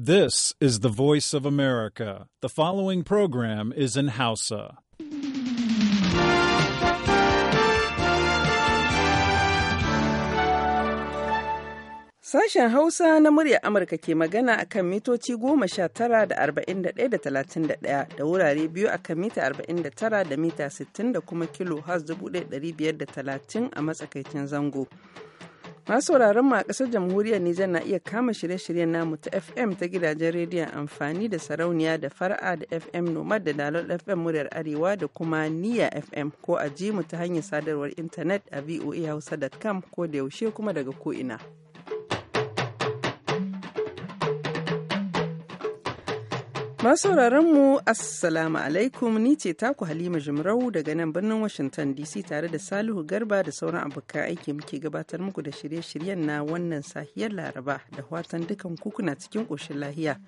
This is the voice of America. The following program is in Hausa. Sashen Hausa na muryar Amurka ke magana a kan mitoci goma sha tara da arba'in da ɗaya da talatin da ɗaya da wurare biyu a kan mita arba'in da tara da mita sittin da kuma kilo has dubu ɗaya ɗari biyar da talatin a matsakaicin zango. Masu wuraren mu a ƙasar jamhuriyar Nijar na iya kama shirye-shiryen namu ta FM ta gidajen rediyon amfani da sarauniya da fara'a da FM Nomad da dalar FM muryar Arewa da kuma niya FM ko a ji mu ta hanyar sadarwar intanet a voahausa.com ko da yaushe kuma daga ko'ina. Masu mu assalamu alaikum ni ce taku halima jimrau daga nan birnin washington dc tare da salihu garba da sauran abokan aiki muke gabatar muku da shirye-shiryen na wannan sahiyar laraba da watan dukan kukuna cikin ƙoshin lahiya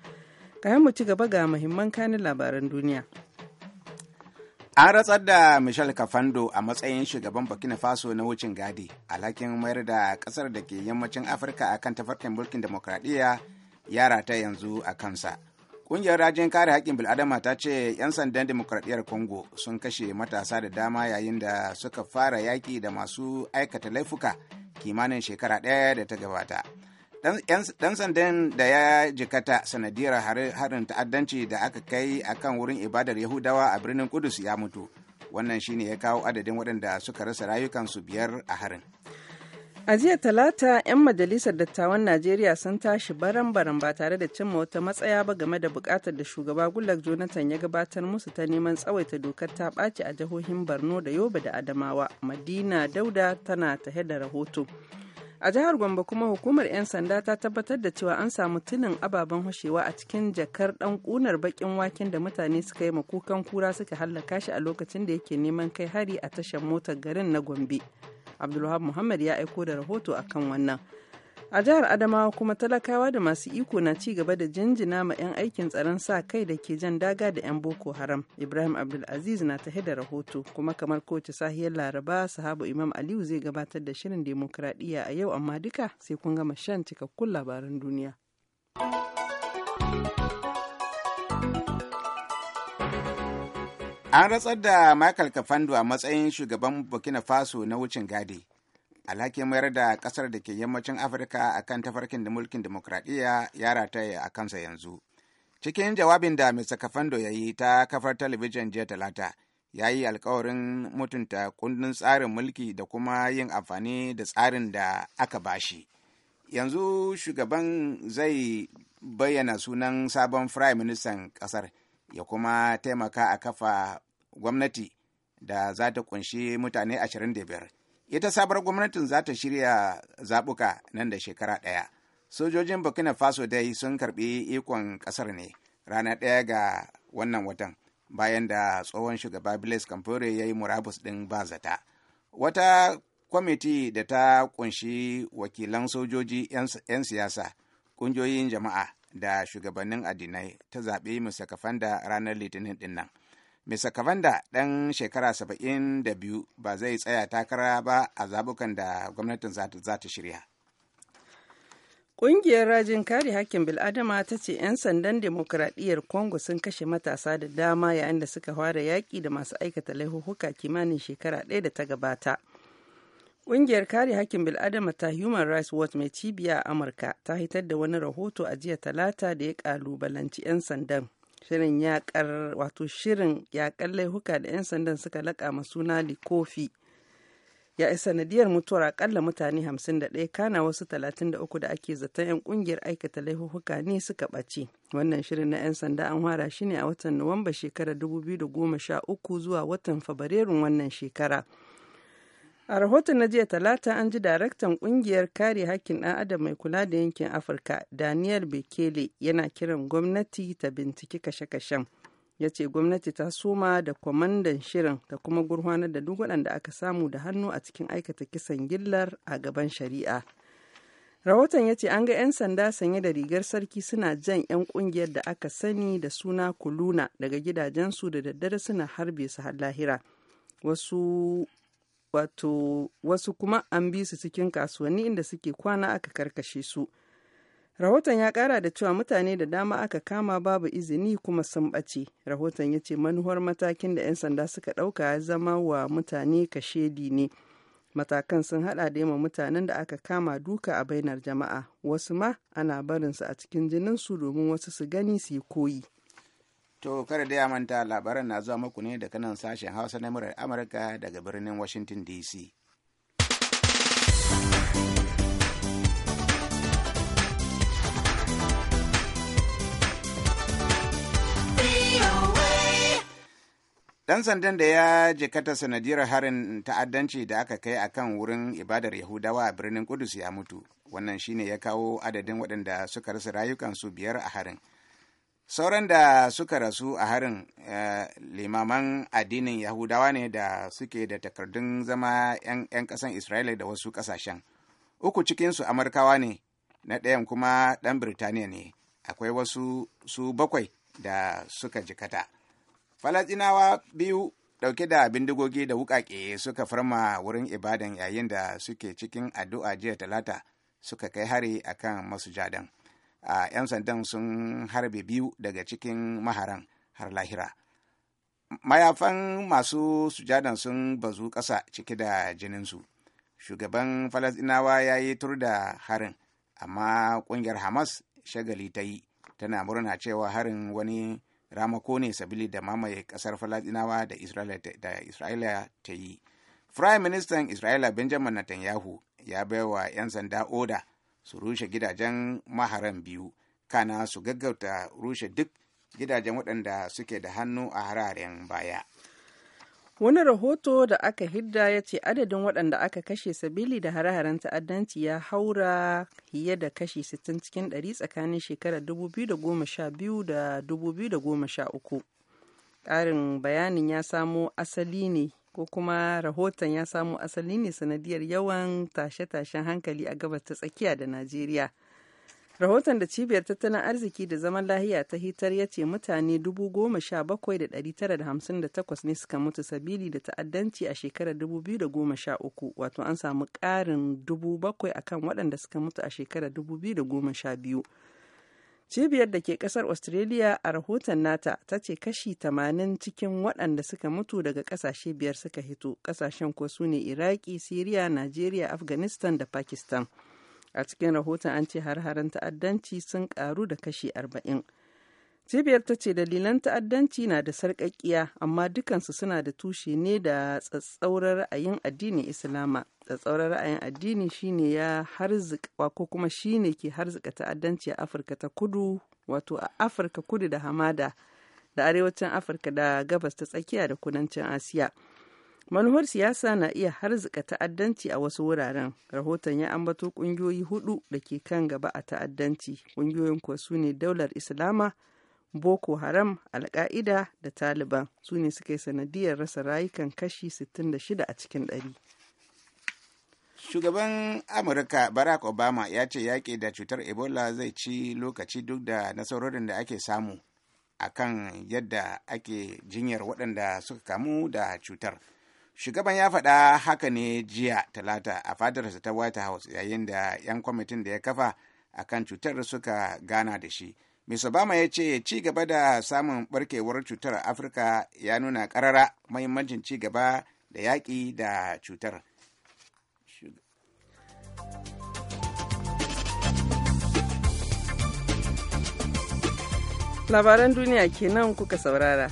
kayan mu ci gaba ga muhimman kanin labaran duniya an ratsar da michel kafando a matsayin shugaban burkina faso na wucin gadi alhakin mayar da kasar da ke yammacin afirka akan tafarkin mulkin demokradiyya yara ta yanzu a kansa Ƙungiyar rajin kare haƙƙin bil'adama ta ce 'yan sandan demokradiyyar Congo sun kashe matasa da dama yayin da suka fara yaƙi da masu aikata laifuka kimanin shekara ɗaya da ta gabata. Ɗan sandan da ya jikata sanadiyar harin ta'addanci da aka kai a kan wurin ibadar Yahudawa a birnin Kudus ya mutu. Wannan shine ya kawo adadin waɗanda suka rasa rayukansu biyar a harin. A jiya Talata, 'yan Majalisar Dattawan Najeriya sun tashi baran-baran ba tare da cimma wata matsaya ba game da bukatar da shugaba Goodluck Jonathan ya gabatar musu ta neman tsawaita dokar ta ɓaci a jihohin Borno da Yobe da Adamawa. Madina Dauda tana tahe da rahoto. A jihar Gombe kuma hukumar 'yan sanda ta tabbatar da cewa an samu tunin ababen hushewa a cikin jakar dan kunar bakin waken da mutane suka yi makukan kura suka hallaka shi a lokacin da yake neman kai hari a tashar motar garin na Gombe. Abdulwahab Muhammad ya aiko da rahoto akan wannan. A jihar Adamawa kuma talakawa da masu iko na ci gaba da jinjina ma 'yan aikin tsaron sa kai da ke jan daga da 'yan Boko Haram. Ibrahim Abdulaziz na tahe da rahoto kuma kamar kowace sahiyar Laraba sahabu Imam Aliyu zai gabatar da shirin demokradiyya a yau amma duka sai kun gama shan cikakkun labaran duniya. An ratsar da Michael Kafando a matsayin shugaban Burkina Faso na wucin gadi. Alhakin mayar da ƙasar da ke yammacin Afirka a kan tafarkin da mulkin demokradiyya ya rataya a kansa yanzu. Cikin jawabin da Mr. Kafando ya yi ta kafar talabijin jiya talata, ya yi alkawarin mutunta kundin tsarin mulki da kuma yin amfani da tsarin da aka bashi. Yanzu shugaban zai bayyana sunan sabon Firayim Ministan ƙasar. ya kuma taimaka a kafa gwamnati da za ta kunshi mutane 25 ita sabar gwamnatin za ta shirya zaɓuka nan da shekara ɗaya sojojin burkina faso dai sun karɓi ikon ƙasar ne rana ɗaya ga wannan watan bayan da tsohon shugaba blaise kamfore ya yi murabus ɗin zata wata kwamiti da ta kunshi wakilan sojoji 'yan siyasa ƙungiyoyin jama'a da shugabannin addinai ta zaɓi Mr. Kafanda ranar Litinin ɗin nan. Mr. Kavanda ɗan shekara saba'in da biyu ba zai tsaya takara ba a zabukan da gwamnatin za ta shirya. Ƙungiyar rajin kare hakkin bil'adama ta ce 'yan sandan demokuraɗiyyar kongo sun kashe matasa da dama yayin da suka fara yaƙi da masu aikata laifuka kimanin shekara ɗaya da ta gabata. Ƙungiyar kare hakkin bil'adama ta Human Rights Watch mai cibiya a Amurka ta hitar da wani rahoto a jiya talata da ya ƙalubalanci 'yan sandan. Shirin yaƙar wato shirin yaƙar laihuka da 'yan sandan suka laƙa ma suna Likofi ya yi sanadiyar mutuwar akalla mutane 51 kana wasu 33 da ake zaton 'yan ƙungiyar aikata laifuka ne suka ɓace wannan shirin na 'yan sanda an fara shi ne a watan nuwamba shekarar 2013 zuwa watan fabrairun wannan shekara. A rahoton na jiya talata an ji daraktan kungiyar kare hakkin ɗan adam mai kula da yankin Afirka Daniel Bekele yana kiran gwamnati ta binciki kashe-kashen. Ya ce gwamnati ta soma da kwamandan shirin ta kuma gurfanar da duk waɗanda aka samu da hannu a cikin aikata kisan gillar a gaban shari'a. Rahoton ya ce an ga 'yan sanda sanye da rigar sarki suna jan 'yan kungiyar da aka sani da suna kuluna daga gidajensu da daddare suna harbe su har lahira. Wasu wato wasu kuma an bi su cikin kasuwanni inda suke kwana aka karkashe su rahoton ya kara da cewa mutane da dama aka kama babu izini kuma sun ɓace rahoton ya ce manuwar matakin da 'yan sanda suka ɗauka ya zama wa mutane kashedi ne matakan sun haɗa da yamma mutanen da aka kama duka a bainar jama'a wasu ma ana barinsu a cikin jininsu domin wasu su gani su yi koyi To kada da ya manta labaran na zuwa muku ne da kanan sashen Hausa na murar Amurka daga birnin Washington DC. Dan sandan da ya jikata sanadiyar harin ta'addanci da aka kai a kan wurin ibadar Yahudawa a birnin Kudus ya mutu. Wannan shine ya kawo adadin waɗanda suka rasa rayukansu biyar a harin. sauran da suka rasu a harin eh, limaman addinin yahudawa ne da suke da takardun zama 'yan ƙasan isra'ila da wasu ƙasashen uku cikinsu amurkawa ne na ɗayan kuma ɗan birtaniya ne akwai wasu su bakwai da suka jikata falatinawa biyu ɗauke da bindigogi da wuƙaƙe suka farma wurin ibadan yayin da suke cikin addu'a jiya talata suka kai hari akan masu jadan. a 'yan sandan sun harbe biyu daga cikin maharan har lahira mayafan masu sujadan sun bazu ƙasa cike da jininsu shugaban falasɗinawa ya yi tur da harin amma ƙungiyar hamas shagali ta yi tana murna cewa harin wani ramako ne sabili da mamaye ƙasar falasɗinawa da isra'ila ta yi firayim ministan isra'ila benjamin netanyahu ya baiwa 'yan sanda oda su rushe gidajen maharan biyu kana su gaggauta rushe duk gidajen waɗanda suke da hannu a hararen baya wani rahoto da aka hidda ya ce adadin waɗanda aka kashe sabili da hare-haren ta'addanci ya haura fiye da kashi 60 cikin 100 tsakanin shekarar 2012 da 2013 ƙarin bayanin ya samo asali ne ko kuma rahoton ya samo asali ne sanadiyar yawan tashe-tashen hankali a gabas ta tsakiya da Najeriya. Rahoton da cibiyar tattalin arziki da zaman lahiya ta hitar ya ce mutane 17,958 ne suka mutu sabili da ta'addanci a shekarar 2013 wato an samu ƙarin 7,000 akan waɗanda suka mutu a shekarar 2012. Cibiyar da ke kasar Australia a rahoton nata ta ce kashi 80 cikin waɗanda suka mutu daga ƙasashe biyar suka hito, ƙasashen ko su ne Iraki, Siriya, Najeriya, Afghanistan da Pakistan. A cikin rahoton an ce har-haren ta'addanci sun ƙaru da kashi 40. Cibiyar ta ce dalilan ta'addanci na da sarƙaƙiya amma dukansu suna da tushe ne da tsatsauran ra'ayin addinin Islama. Tsatsauran ra'ayin addini shine ya harzika ko kuma shine ke harzika ta'addanci a Afirka ta kudu wato a Afirka kudu da hamada da arewacin Afirka da gabas ta tsakiya da kudancin Asiya. Manuhar siyasa na iya harzika ta'addanci a wasu wuraren. Rahoton ya ambato ƙungiyoyi hudu da ke kan gaba a ta'addanci. Ƙungiyoyin kuwa su ne Daular Islama, boko haram alka'ida da taliban su ne suka yi sanadiyar rasa rayukan kashi 66 a cikin ɗari. shugaban amurka barack obama ya ce yaƙi da cutar ebola zai ci lokaci duk da nasarorin da ake samu a kan yadda ake jinyar waɗanda suka kamu da cutar shugaban ya faɗa haka ne jiya talata a fadarsa ta white house yayin da 'yan kwamitin da ya kafa akan cutar suka gana da shi. Ms. Obama ya ce ci gaba da samun barkewar cutar Afirka ya nuna karara mahimmancin ci gaba da yaƙi da cutar. Labaran duniya kenan kuka saurara.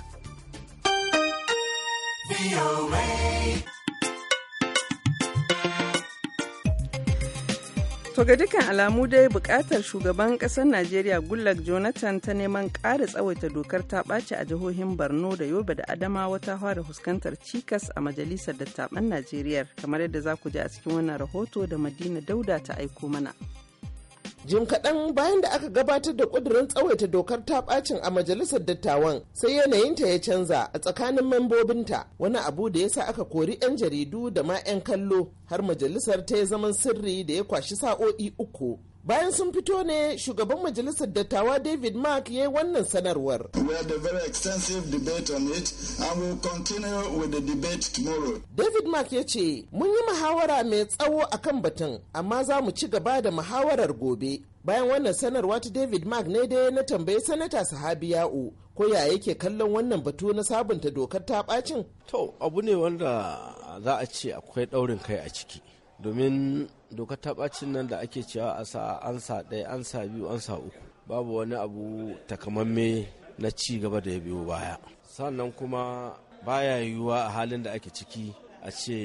To ga dukkan alamu dai bukatar shugaban kasar Najeriya Gullak Jonathan ta neman ƙara tsawaita dokar ta ɓaci a jihohin Borno da Yobe da Adamawa ta fara fuskantar cikas a majalisar dattaban Najeriya kamar yadda za ku ji a cikin wannan rahoto da Madina Dauda ta aiko mana. jim kaɗan bayan da aka gabatar da ƙudurin tsawaita dokar ta ɓacin a majalisar dattawan sai yanayinta ya canza a tsakanin membobinta wani abu da ya sa aka kori 'yan jaridu da ma 'yan kallo har majalisar ta ya zaman sirri da ya kwashi sa'o'i uku bayan sun fito ne shugaban majalisar dattawa david mark ya yi wannan sanarwar david mark ya ce mun yi muhawara mai tsawo a kan batun amma za mu ci gaba da muhawarar gobe bayan wannan sanarwa ta david mark ne dai na tambayi sanata sahabi ko ya yake kallon wannan batu na sabunta dokar ta bacin to abu ne wanda za a ce akwai daurin kai a ciki domin dokar ta nan da ake cewa a sa an sa ɗaya an sa biyu an sa uku babu wani abu takamamme na ci gaba da ya biyo baya sannan kuma baya yiwuwa a halin da ake ciki a ce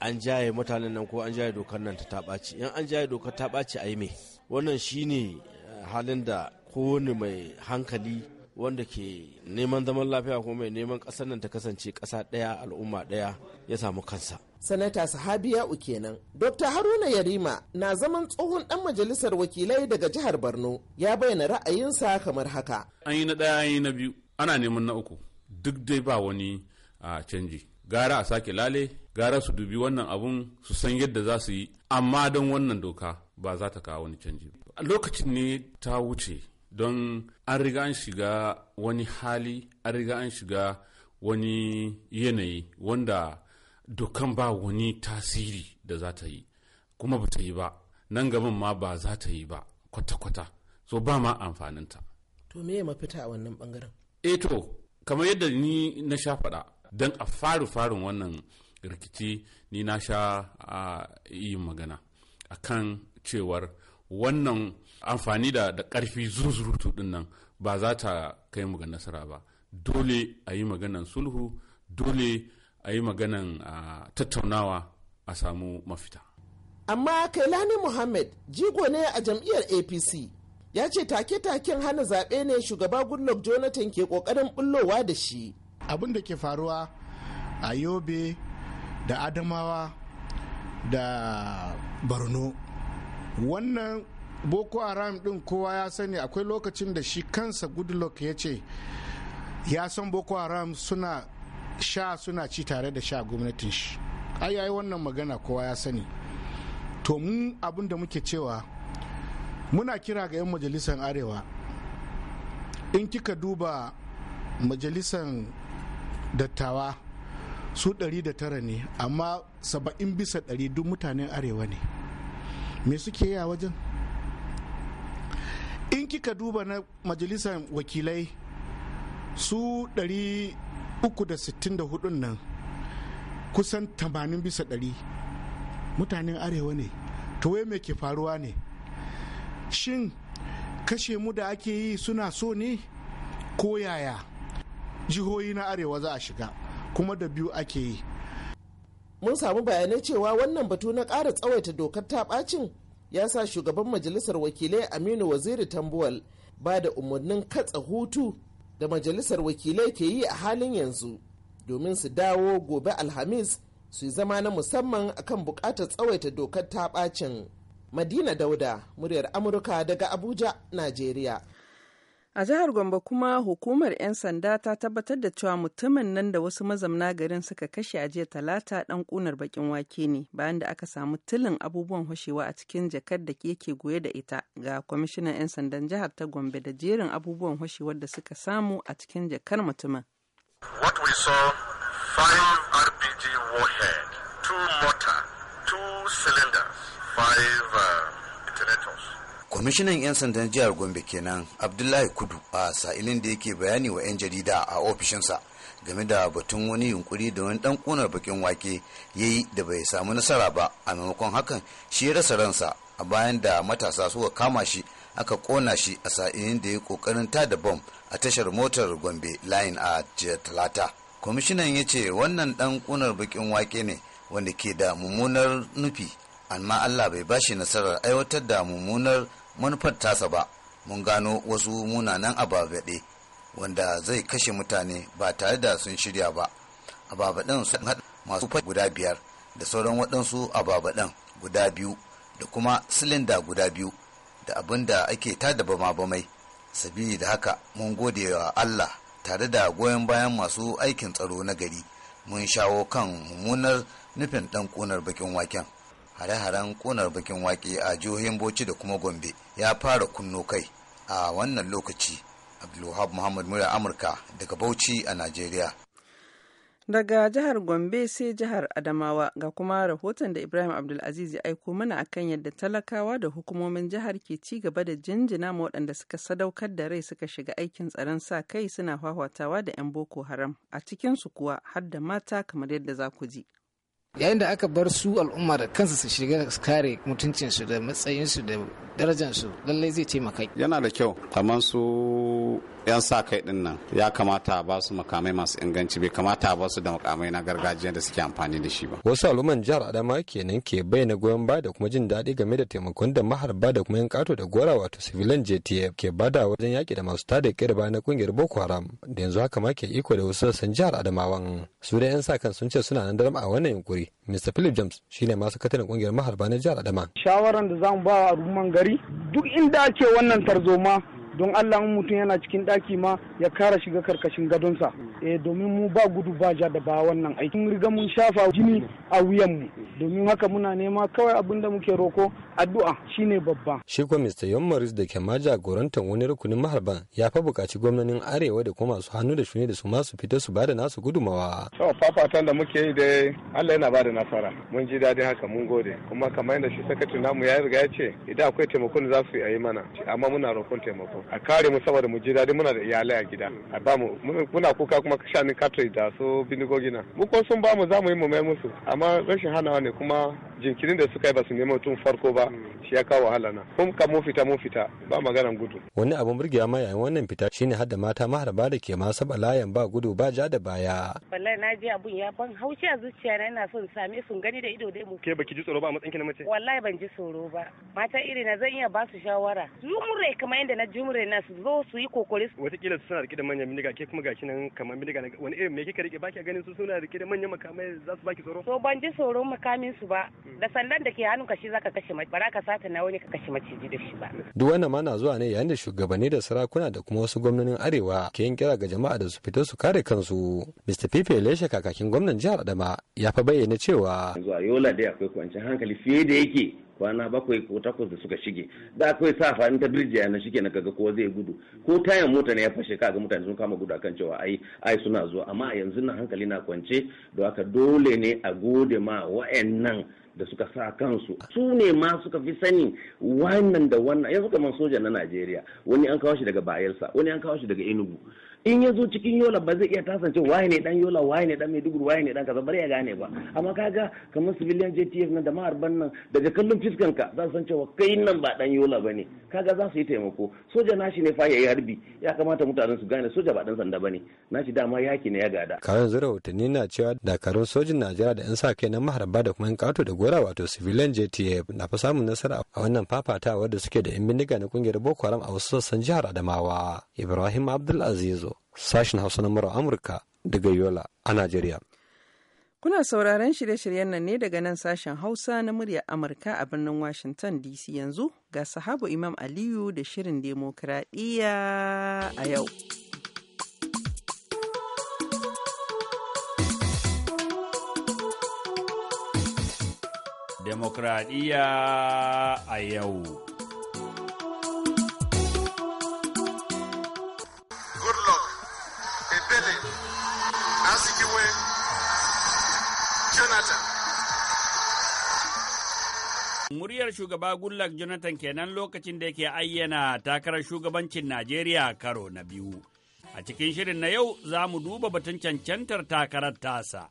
an jaye mutanen nan ko an jaye dokar nan ta tabaci in an jaye dokar ta ɓaci a yi me wannan shine eh, halin da kowane mai hankali wanda ke neman zaman lafiya ko mai neman ƙasar nan ta kasance ƙasa ɗaya al'umma ɗaya ya samu kansa sanata sahabiya kenan dr haruna yarima na zaman tsohon ɗan majalisar wakilai daga jihar borno ya bayyana ra'ayinsa kamar haka an yi na ɗaya an yi na biyu ana neman na uku duk dai ba wani a canji gara a sake lale gara su dubi wannan abun su san yadda za su yi amma don wannan doka ba za ta kawo wani canji lokacin ne ta wuce don an riga an shiga wani hali an riga an shiga wani yanayi wanda dokan ba wani tasiri da za ta yi kuma ba ta yi ba nan gaban ma ba za ta yi ba kwata-kwata so ba ma amfaninta to me ya mafita a wannan bangaren E eh to kamar yadda ni na sha faɗa don a faru farin wannan rikici ni na sha a yi magana a kan cewar wannan amfani da ƙarfi zuzurutu din nan ba za ta kai mu ga nasara ba dole a yi maganan sulhu dole a yi maganan tattaunawa a samu mafita. Amma Kailani Muhammad jigo ne a jam'iyyar APC ya ce take-taken hana zaɓe ne shugaba Goodluck Jonathan ke ƙoƙarin bullowa da shi. Abin da ke faruwa a Yobe da Adamawa da Borno. Wannan Boko Haram ɗin kowa ya sani akwai lokacin da shi kansa Goodluck ya ce ya san Boko Haram suna sha suna ci tare da sha gwamnatin shi ai wannan magana kowa ya sani to mu abin da muke cewa muna kira ga 'yan majalisar arewa in kika duba majalisar dattawa su 109 ne amma 70 bisa 100 duk mutanen arewa ne me suke yi a wajen in kika duba na majalisar wakilai su 364 nan kusan 80 bisa 100 mutanen arewa ne to wai me ke faruwa ne shin kashe mu da ake yi suna so ne ko yaya jihohi na arewa za a shiga kuma da biyu ake yi mun samu bayanai cewa wannan batu na ƙara tsawaita dokar ta bacin ya sa shugaban majalisar wakilai aminu waziri tambuwal ba da umarnin katsa hutu da majalisar wakilai ke yi a halin yanzu domin su dawo gobe alhamis su yi zama na musamman akan bukatar tsawaita dokar ta bacin madina dauda muryar amurka daga abuja najeriya A jihar Gombe kuma hukumar 'yan sanda ta tabbatar da cewa mutumin nan da wasu mazamna garin suka kashe a jiya talata dan kunar bakin wake ne bayan da aka samu tilin abubuwan hushewa a cikin jakar da yake goye da ita ga kwamishinan 'yan sandan jihar ta Gombe da jerin abubuwan hushewar da suka samu a cikin jakar mutumin. What we five RPG warhead, two mortar, two cylinders, five uh... kwamishinan 'yan sandan jihar gombe kenan abdullahi kudu a sa'ilin da yake bayani wa 'yan jarida a ofishinsa game da batun wani yunkuri da wani dan kunar bakin wake ya yi da bai samu nasara ba a maimakon hakan shi ya rasa ransa a bayan da matasa suka kama shi aka kona shi a sa'ilin da ya kokarin da bom a tashar motar gombe layin a jiya talata kwamishinan ya ce wannan dan kunar bakin wake ne wanda ke da mummunar nufi amma allah bai bashi nasarar aiwatar da mummunar manufar tasa ba mun gano wasu munanan ababaɗe wanda zai kashe mutane ba tare da sun shirya ba ababaɗen sun haɗa masu fat guda biyar da sauran waɗansu ababaɗen guda biyu da kuma silinda guda biyu da abin da ake tada bama bamai sabili da haka mun gode wa allah tare da goyon bayan masu aikin tsaro na gari mun shawo kan mummunar nufin ɗan ƙunar bakin waken. hare-haren ƙunar bakin waƙe a jihohin Bauchi da kuma Gombe ya fara kunno kai a wannan lokaci. Abdulwahab Muhammad Mura Amurka daga Bauchi a Najeriya. Daga jihar Gombe sai jihar Adamawa ga kuma rahoton da Ibrahim Abdulaziz ya aiko mana akan yadda talakawa da hukumomin jihar ke ci gaba da jinjina ma waɗanda suka sadaukar da rai suka shiga aikin tsaron sa kai suna hwahwatawa da 'yan Boko Haram a cikinsu kuwa har da mata kamar yadda za ku ji. yayin da aka bar su al'umma da kansu su shiga su kare mutuncinsu da matsayinsu da darajansu lallai zai taimaka yana da kyau kamar su 'yan sa kai din nan ya kamata ba su makamai masu inganci bai kamata ba su da makamai na gargajiya da suke amfani da shi ba wasu al'umman jihar adama kenan ke bayyana goyon baya da kuma jin daɗi game da taimakon da maharba da kuma yan kato da gora wato civilian jtf ke bada wajen yaƙi da masu tada kirba na kungiyar boko haram da yanzu haka ma ke iko da wasu sassan jihar adamawan su da 'yan sa kan sun ce suna nan daram a wannan yunkuri gari mr philip james shine masu katarin kungiyar maharba na jihar adama shawaran da zamu ba al'umman gari duk inda ake wannan tarzoma don allah mutum yana cikin daki ma ya kara shiga karkashin gadonsa eh domin mu ba gudu ba ja da ba wannan aiki mun riga mun shafa jini a mu. domin haka muna nema kawai abin da muke roko addu'a shine babba. Shi kuwa Mr. Yon Morris da ke ma jagorantar wani rukunin maharban ya fa buƙaci gwamnonin arewa da kuma masu hannu da shune da su masu fita su bada nasu gudumawa. So fafatan da muke yi dai Allah yana ba da nasara. Mun ji daɗin haka mun gode. Kuma kamar yadda shi sakacin namu ya riga ya ce idan akwai taimakon za su yi mana amma muna roƙon taimako. A kare mu saboda mu ji daɗi muna da iyalai a gida. A ba mu muna kuka kuma shanin katri da su na. Mu ko sun ba mu za mu yi mu mai musu amma rashin hanawa ne kuma jinkirin da suka yi ba su nemo tun farko ba shi ya kawo wahala na kun ka mun fita mun fita ba maganan gudu wani abun burgewa ma yayin wannan fita shine hadda mata maharba da ke masa saba layan ba gudu ba ja da baya wallahi na ji abun ya ban haushi a zuciya na ina son same sun gani da ido dai mu ke baki ji tsoro ba a matsayin na mace wallahi ban ji tsoro ba mata iri na zan iya ba su shawara jumure kamar yadda na jumure na su zo su yi kokori wataƙila su suna rike da manyan miniga ke kuma gashi nan kamar na wani irin me kika rike baki a ganin su suna rike da manyan makamai za su baki tsoro to ban ji tsoron makamin su ba da sandan da ke hannunka shi zaka kashe mace ba ka sata na wani ka kashe maciji da shi ba duk wannan ma na zuwa ne yayin da shugabanni da sarakuna da kuma wasu gwamnonin arewa ke yin kira ga jama'a da su fito su kare kansu Mr. Pepe Leshe kakakin gwamnan jihar Adama ya fa bayyana cewa yanzu a Yola dai akwai kwanciyar hankali fiye da yake kwana bakwai ko takwas da suka shige da akwai sa farin ta birjiya na shige na kaga ko zai gudu ko tayan mota ne ya fashe kaga mutane sun kama gudu akan cewa ai ai suna zuwa amma yanzu na hankali na kwance don haka dole ne a gode ma wa'annan da suka sa kansu su ne ma suka fi sani wannan da wannan yanzu kamar soja na Najeriya wani an kawo shi daga Bayelsa wani an kawo shi daga Enugu in ya zo cikin yola ba zai iya tasance waye ne dan yola waye ne dan maiduguri waye ne dan kaza bari ya gane ba amma kaga kamar civilian jtf nan da maharban nan daga kallon fiskan ka za su san cewa kai nan ba dan yola bane kaga za su yi taimako soja nashi ne fa ya yi harbi ya kamata mutanen su gane soja ba dan sanda bane nashi dama yaki ne ya gada karan zura watanni na cewa dakarun sojin najeriya da yan sa kai na maharba da kuma yan kato da gora wato civilian jtf na fa samun nasara a wannan fafatawa da suke da yan bindiga na kungiyar boko haram a wasu sassan jihar adamawa ibrahim abdulaziz sashen Hausa na mura Amurka daga Yola a Najeriya. Kuna sauraron shirye-shiryen nan ne daga nan sashen Hausa na murya Amurka a birnin Washington DC yanzu ga sahabu Imam Aliyu da shirin demokradiyya a yau. Demokradiyya a yau. muryar shugaba gullak jonathan kenan lokacin da yake ayyana takarar shugabancin najeriya karo na biyu a cikin shirin na yau za mu duba batun cancantar takarar tasa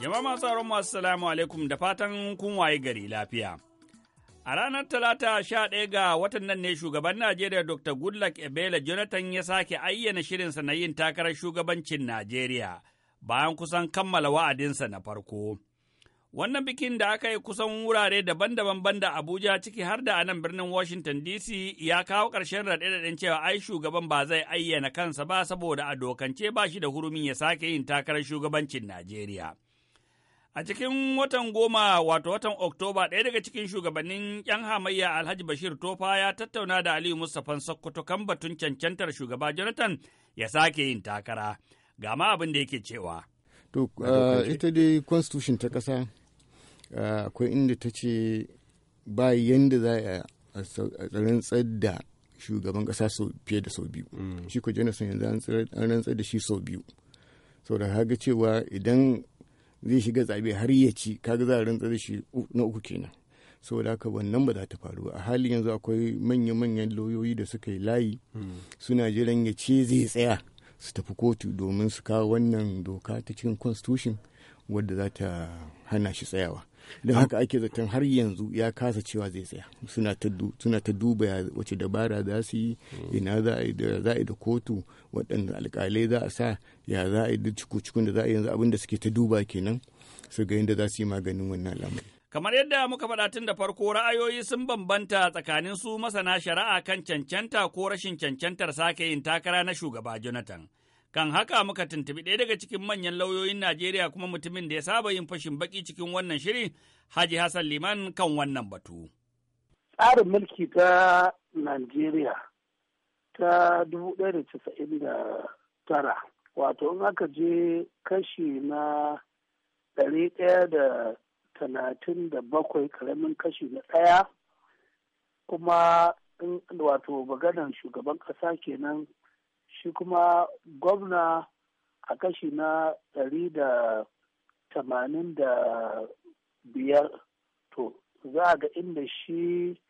Jama'a masu masu salamu alaikum da fatan kun waye gari lafiya. A ranar Talata sha ɗaya ga watan nan ne shugaban Najeriya Dr. Goodluck Ebele Jonathan ya sake ayyana shirinsa na yin takarar shugabancin Najeriya bayan kusan kammala wa'adinsa na farko. Wannan bikin da aka yi kusan wurare daban-daban banda Abuja ciki har da anan birnin Washington DC ya kawo ƙarshen raɗe-raɗen cewa ai shugaban ba zai ayyana kansa ba saboda a dokance ba shi da hurumin ya sake yin takarar shugabancin Najeriya. A cikin watan goma wato watan Oktoba ɗaya daga cikin shugabannin 'yan hamayya Alhaji Bashir Tofa ya tattauna da Aliyu Mustapha Sokoto kan batun cancantar shugaba Jonathan ya sake yin takara. Ga ma abin da yake cewa. To, uh, ita dai constitution ta ƙasa uh, akwai inda ta ce ba yanda za a rantsar da shugaban ƙasa fiye da sau biyu. Mm. Shi ko Jonathan yanzu an rantsar da shi sau biyu. Saboda haga cewa idan zai shiga zabe har ya ci kaga za a rantsa da shi na uku kenan saboda haka wannan ba za ta faru a halin yanzu akwai manya-manyan lauyoyi da suka yi layi suna jiran ya ce zai tsaya su tafi kotu domin su kawo wannan doka ta cikin constitution wadda za ta hana shi tsayawa don haka ake zaton har yanzu ya kasa cewa zai tsaya suna ta duba wace dabara za su yi hmm. ina za a yi da kotu waɗanda alƙalai za a sa ya za a yi da cikin da za a yanzu abinda suke ta duba kenan su ga yadda za su yi maganin wannan lamari. Kamar yadda muka faɗa tun da farko ra'ayoyi sun bambanta tsakanin su masana shari'a kan cancanta ko rashin cancantar sake yin takara na shugaba Jonathan. Kan haka muka tuntubi ɗaya daga cikin manyan lauyoyin Najeriya kuma mutumin da ya saba yin fashin baki cikin wannan shirin Haji Hassan Liman kan wannan batu. Tsarin mulki ta Najeriya ta tara, wato in aka je kashi na ɗari ɗaya da talatin da karamin kashi na ɗaya kuma wato maganar shugaban ƙasa kenan shi kuma gwamna a kashi na ɗari da tamanin da biyar to za a ga inda shi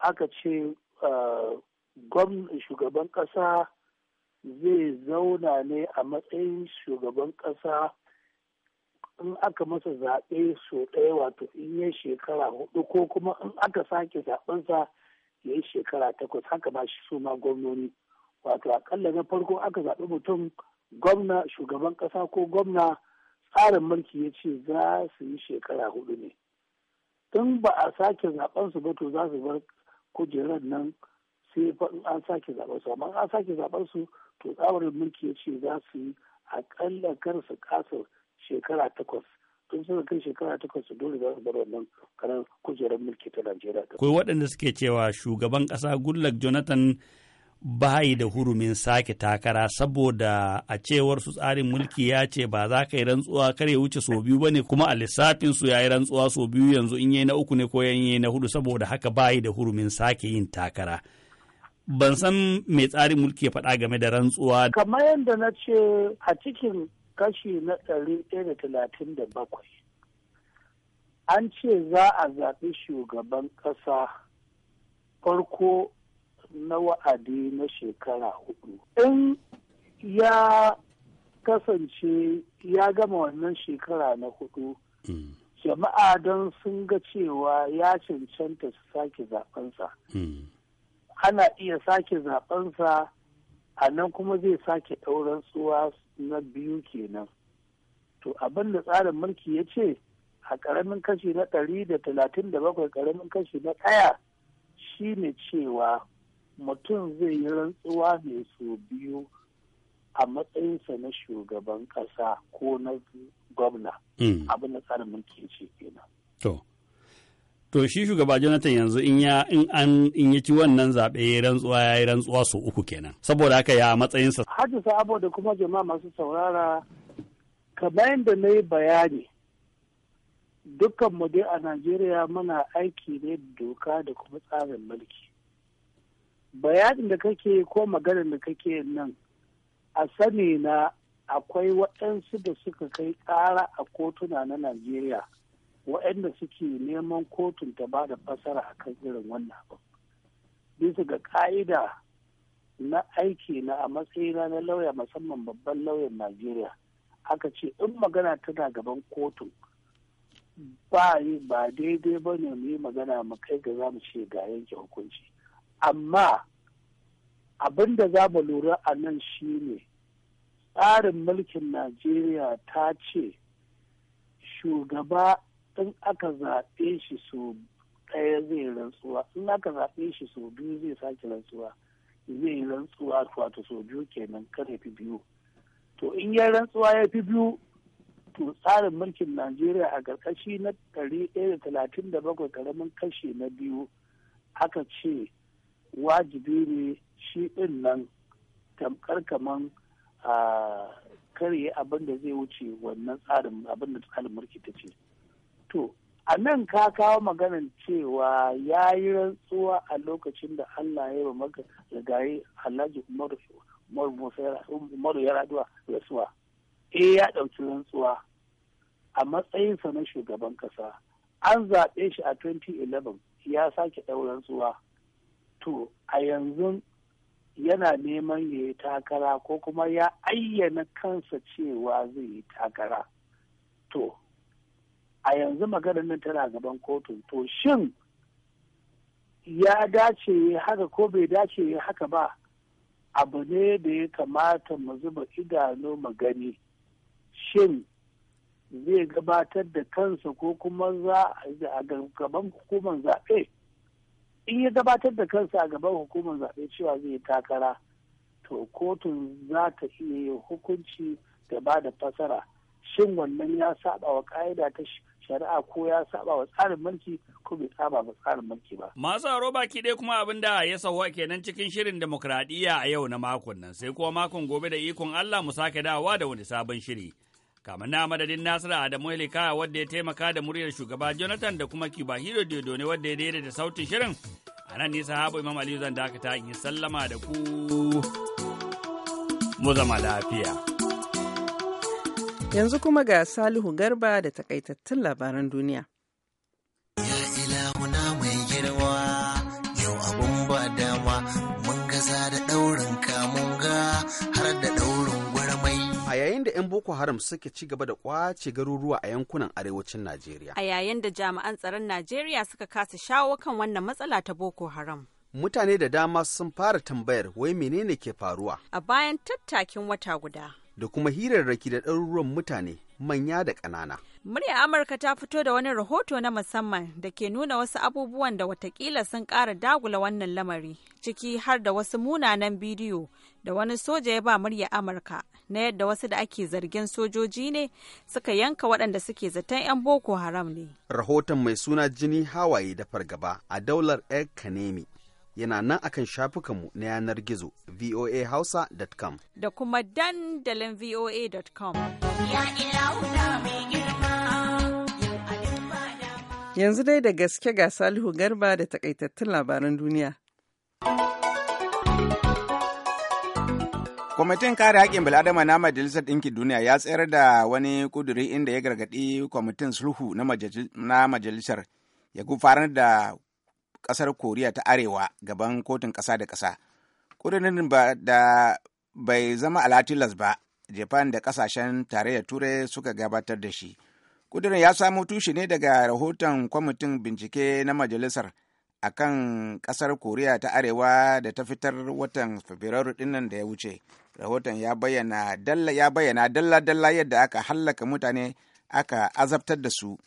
aka ce uh, shugaban ƙasa zai zauna ne a matsayin shugaban ƙasa in aka masa zaɓe so ɗaya wato in yi shekara hudu ko kuma in aka sake zaɓensa ya yi shekara takwas haka ba shi su ma gwamnoni. wato akalla na farko aka zaɓi mutum gwamna shugaban ƙasa ko gwamna tsarin mulki ya ce za su yi shekara hudu ne tun ba a sake zaɓen ba to za su bar kujerar nan sai an sake zaɓen su amma an sake zaɓen to tsarin mulki ya ce za su yi akalla kar su kasa shekara takwas tun suna kai shekara takwas su dole za su bar wannan karar kujerar mulki ta Najeriya. Akwai waɗanda suke cewa shugaban ƙasa gullak Jonathan bayi da hurumin sake takara saboda a cewar su tsarin mulki ya ce ba za ka yi rantsuwa kar ya wuce sau biyu bane kuma a lissafin su yi rantsuwa so biyu yanzu in yayi na uku ne ko yayi na hudu saboda haka bayi da hurumin sake yin takara ban san mai tsarin mulki ya faɗa game da rantsuwa kamar yadda na ce a cikin kashi na ɗari ɗaya da talatin da bakwai an ce za a zaɓi shugaban ƙasa farko na wa'adi na shekara hudu in ya kasance ya gama wannan shekara na hudu hmm. jama'a don sun ga cewa ya cancanta su sake zaɓensa hmm. ana iya sake zaɓensa a nan kuma zai sake ɗauran tsuwa na biyu kenan to abin da tsarin mulki ya ce a ƙaramin kashi na ɗari da talatin da bakwai ƙaramin kashi na ɗaya shine cewa mutum zai yi rantsuwa ne sau biyu a matsayinsa na shugaban ƙasa ko na gwamna hmm. Abu na tsarin mulkin shi kenan. To, to shi shugaba Jonathan yanzu in ya in an in ya ci wannan zaɓe ya rantsuwa ya yi rantsuwa sau uku kenan saboda haka ya matsayinsa. Hajji sabo da kuma jama'a masu saurara kamar yadda na yi bayani dukkan mu dai a Najeriya muna aiki ne doka da kuma tsarin mulki. bayanin da kake ko maganar da kake nan a sani na akwai waɗansu da suka kai ƙara a kotuna na najeriya waɗanda suke neman kotun ta ba da fasara a kan irin wannan abu bisa ga ƙa'ida na aiki na a matsayina na lauya musamman babban lauyan najeriya aka ce in magana tana gaban kotun ba yi ba daidai ba ne mu yi magana mu kai ga za mu ce ga yanke hukunci amma abin da za mu lura a nan shine tsarin mulkin najeriya ta ce shugaba in aka zaɓe shi so ɗaya zai rantsuwa in aka zaɓe shi so biyu zai sake rantsuwa zai yi rantsuwa wato so biyu kenan kar ya fi biyu to in ya rantsuwa ya fi biyu to tsarin mulkin najeriya a ƙarƙashi na ɗari ɗaya da talatin da bakwai ƙaramin kashi na biyu aka ce wajibi ne shi ɗin nan tamkar kaman karye abinda zai wuce wannan tsarin abin tsarin mulki ta ce to a nan ka kawo maganin cewa ya yi rantsuwa a lokacin da allah ya yi maka rigaye alhaji umaru ya raduwa rasuwa eh ya ɗauki rantsuwa a matsayinsa na shugaban ƙasa an zaɓe shi a 2011 ya sake ɗaurin rantsuwa to a yanzu yana neman ya yi takara ko kuma ya ayyana kansa cewa zai yi takara to a yanzu maganar nan tana gaban kotu to shin ya dace haka ko bai dace haka ba abu ne da ya kamata mu zuba idanu mu gani shin zai gabatar da kansa ko kuma za a gaban hukumar zaɓe in ya gabatar da kansa a gaban hukumar zaɓe cewa zai takara to kotun za ta iya yin hukunci da ba da fasara shin wannan ya saba wa ƙa'ida ta shari'a ko ya saba wa tsarin mulki ko bai saba wa tsarin mulki ba. Masu aro baki ɗaya kuma abin da ya sauwa kenan cikin shirin demokradiyya a yau na makon nan sai kuma makon gobe da ikon Allah mu sake dawa da wani sabon shiri. Kamar na madadin Nasiru Adamu Elika wadda ya taimaka da muryar shugaba Jonathan da kuma Kiba Hiro ne wadda ya daidai da sautin shirin. A nan nisa habu Imam Aliyu zan dakata in yi sallama da ku mu zama lafiya. Yanzu kuma ga Salihu Garba da takaitattun labaran duniya. Boko Haram suke ci gaba da kwace garuruwa a yankunan arewacin Najeriya. A yayin da jami'an tsaron Najeriya suka kasa shawo kan wannan matsala ta Boko Haram. Mutane da dama sun fara tambayar wai menene ke faruwa. A bayan tattakin wata guda. Da kuma hirarraki da ɗaruruwan mutane manya da ƙanana. Murya Amurka ta fito da wani rahoto na musamman da ke nuna wasu abubuwan da watakila sun ƙara dagula wannan lamari, ciki har da wasu munanan bidiyo da wani soja ya ba murya Amurka na yadda wasu da ake zargin sojoji ne suka yanka waɗanda suke zaton 'yan boko haram ne rahoton mai suna jini hawaye da fargaba a daular el kanemi yana nan akan shafukanmu na yanar gizo voahausa.com da kuma dandalin voa.com Yanzu dai da gaske ga Salihu Garba da takaitattun labaran duniya. Kwamitin kare haƙƙin bil'adama na Majalisar Ɗinkin Duniya ya tsayar da wani kuduri inda ya gargaɗi kwamitin sulhu na majalisar ya gufarar da ƙasar Koriya ta Arewa gaban kotun ƙasa da ƙasa. Kudurin da bai zama alatilas ba, Japan da ƙasashen tarayyar Turai suka gabatar da shi. ƙudurin ya samo tushe ne daga rahoton kwamitin bincike na majalisar a kan ƙasar koriya ta arewa da ta fitar watan fabrairu dinnan da ya wuce rahoton ya bayyana dalla-dalla yadda aka hallaka mutane aka azabtar da su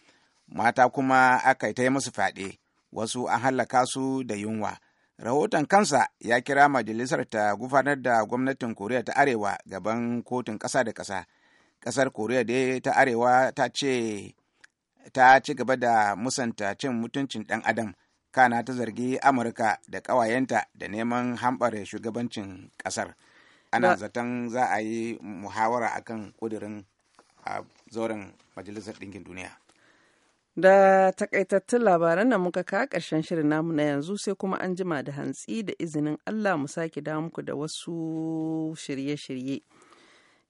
mata kuma aka ta yi musu fyaɗe wasu an hallaka su da yunwa rahoton kansa ya kira majalisar ta gufanar da gwamnatin koriya ta arewa gaban kotun ƙasa da ƙasa ƙasar koriya dai ta arewa ta ce ta ci gaba da musanta cin mutuncin ɗan adam kana ta zargi amurka da ƙawayenta da neman hambare shugabancin ƙasar ana zaton za a yi muhawara akan kudirin a zauren majalisar ɗinkin duniya da takaitattun labaran da muka kawo ƙarshen shirin namu na yanzu sai kuma an jima da hantsi da izinin allah mu sake da muku da wasu shirye-shirye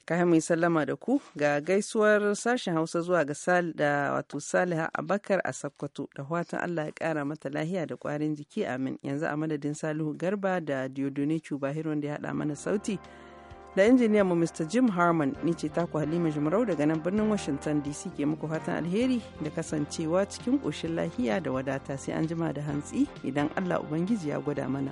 ka mai sallama da ku ga gaisuwar sashen hausa zuwa ga sal da wato saliha abakar a sakkwato da watan allah ya kara mata lahiya da kwarin jiki amin yanzu a madadin salihu garba da diodone cubahiro wanda ya hada mana sauti da injiniyan mu mr jim harman ni ce taku halima jimarau daga nan birnin washington dc ke muku fatan alheri da kasancewa cikin koshin lahiya da wadata sai an jima da hantsi idan allah ubangiji ya gwada mana.